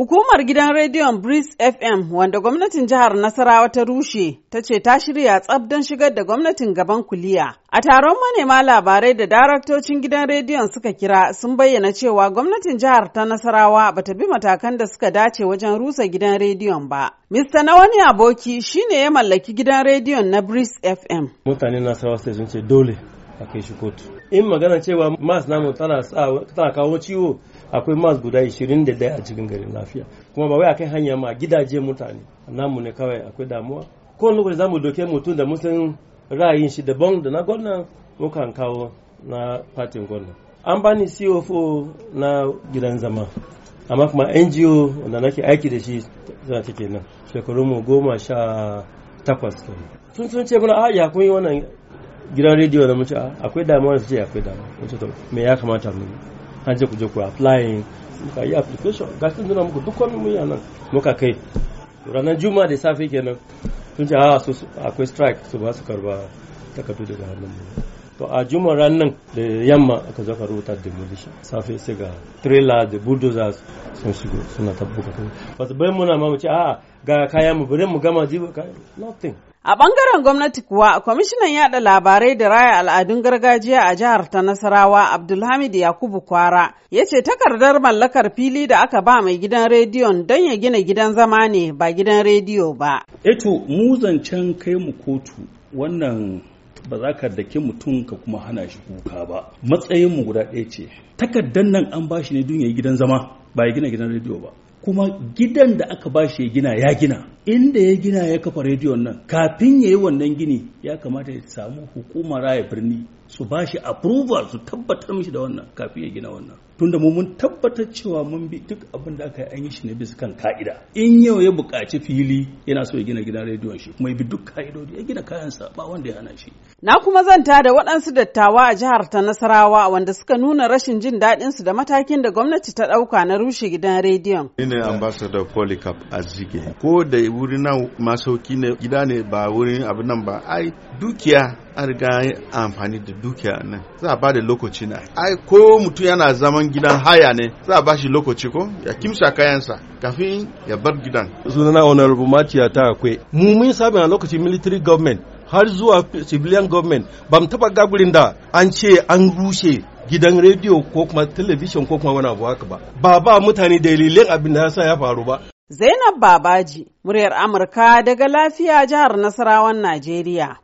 Hukumar gidan rediyon Breeze FM wanda gwamnatin jihar Nasarawa ta rushe ta ce ta shirya tsab don shigar da gwamnatin gaban kuliya. A taron manema labarai da daraktocin gidan rediyon suka kira sun bayyana cewa gwamnatin jihar ta Nasarawa bata bi matakan da suka dace wajen rusa gidan rediyon ba. Mr. Nawani Aboki shine ya mallaki gidan rediyon na Breeze FM. Mutanen Nasarawa sai sun ce dole a kai shi kotu in magana cewa mas namu tana tana kawo ciwo akwai mas guda 21 a cikin garin lafiya kuma ba wai akan hanya ma gidaje mutane namu ne kawai akwai damuwa ko lokaci zamu doke mutum da mutum ra'ayin shi daban da na gwamnan mukan kawo na fatin gwamnan an bani cofo na gidan zama amma kuma NGO da nake aiki da shi za ta kenan shekaru mu goma sha takwas tun sun ce mana a ya kun wannan gidan rediyo da mace ah, akwai damuwa da ce eh, akwai damuwa mace to me ya kamata mu an je ku je ku applying muka yi application ga sun nuna muku duk wani muyi yi nan muka kai ranar juma da safe kenan sun ce a ah, su akwai strike su ba su karba takardu daga hannun mu to a juma ranar da yamma aka zaka rubuta demolition safe sai ga trailer da bulldozers sun shigo suna tabbuka ba su bayan muna mamaci a ah, ga kayan mu bari mu gama jiba kayan nothing A ɓangaren gwamnati kuwa, kwamishinan yada labarai da raya al'adun gargajiya a jihar ta Nasarawa Abdulhamid Yakubu Kwara ya ce takardar mallakar fili da aka ba mai gidan rediyon don ya gina gidan zama ne ba gidan rediyo ba. Eto mu zancen kai mu kotu wannan ba za ka dake mutum ka kuma hana shi kuka ba. Matsayin mu guda ɗaya ce. Takardar nan an ba shi ne don ya gidan zama ba ya gina gidan rediyo ba. Kuma gidan da aka ba shi ya gina ya gina. inda ya gina ya kafa rediyon nan kafin ya yi wannan gini ya kamata ya samu hukumar raya birni su ba shi approval su tabbatar mishi da wannan kafin ya gina wannan tunda mu mun tabbatar cewa mun bi duk abin da aka yi an yi shi ne bisa kan ka'ida in yau ya buƙaci fili yana so ya gina gidan rediyon shi kuma ya bi duk ka'idodi ya gina kayansa ba wanda ya hana shi na kuma zanta da waɗansu dattawa a jihar ta Nasarawa wanda suka nuna rashin jin daɗin su da matakin da gwamnati ta ɗauka na rushe gidan rediyon ni ne ambassador Polycarp Azige ko da wuri nan masauki ne gida ne ba wurin abu nan ba ai dukiya an riga amfani da dukiya nan za a ba da lokaci na ai ko mutum yana zaman gidan haya ne za a ba shi lokaci ko ya kimsa kayansa kafin ya bar gidan sunana honorable matiya ta akwai mu mun saba a lokacin military government har zuwa civilian government ba mu taba gagurin da an ce an rushe gidan rediyo ko kuma television ko kuma wani abu haka ba ba ba mutane dalilin abin da ya sa ya faru ba Zainab Babaji, muryar Amurka daga lafiya jihar Nasarawan Najeriya.